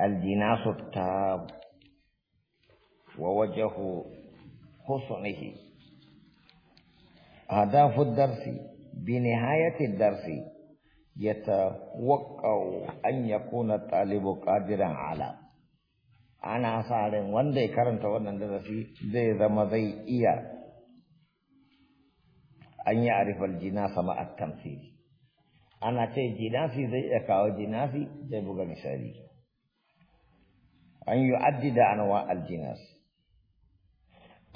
الجناس التاب ووجه خصنه أهداف الدرس بنهاية الدرس يتوقع أن يكون الطالب قادرا على أنا صار وندي كرنت وندرسي زي رمضي إيا أن يعرف الجناس مع التمثيل أنا تي جناسي زي أكاو جناسي زي بغني سريجي أن يعدد أنواع الجناس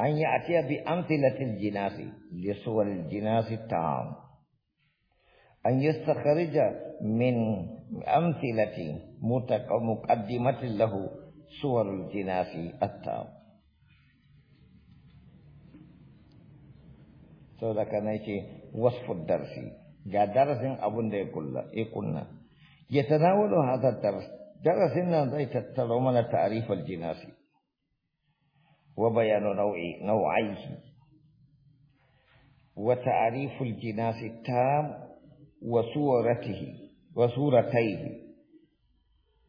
أن يأتي بأمثلة الجناس لصور الجناس التام أن يستخرج من أمثلة مقدمة له صور الجناس التام سوف نأتي وصف الدرس جاء درس أبن يقول يقولنا يتناول هذا الدرس دغه څنګه دایته تلومنه تعریف الجناسی وبيان نوعي نوعيه وتعريف الجناس التام وصورته وصورتيه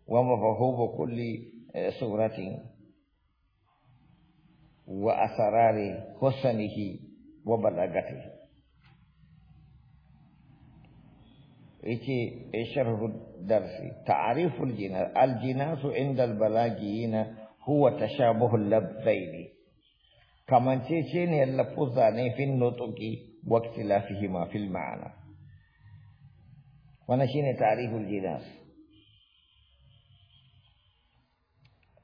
ومفهوم كل صورة وأسرار حسنه وبلغته ايكي شرح الدرس تعريف الجناس الجناس عند البلاغيين هو تشابه اللبين كما تشين اللفظان في النطق واختلافهما في المعنى ونشين تعريف الجناس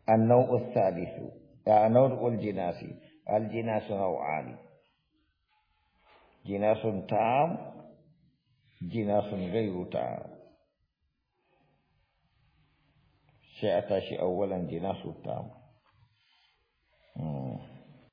النوع الثالث آه، نوع الجناس الجناس نوعان جناس تام sun غير تعب sai a tashi awwalan sun tamu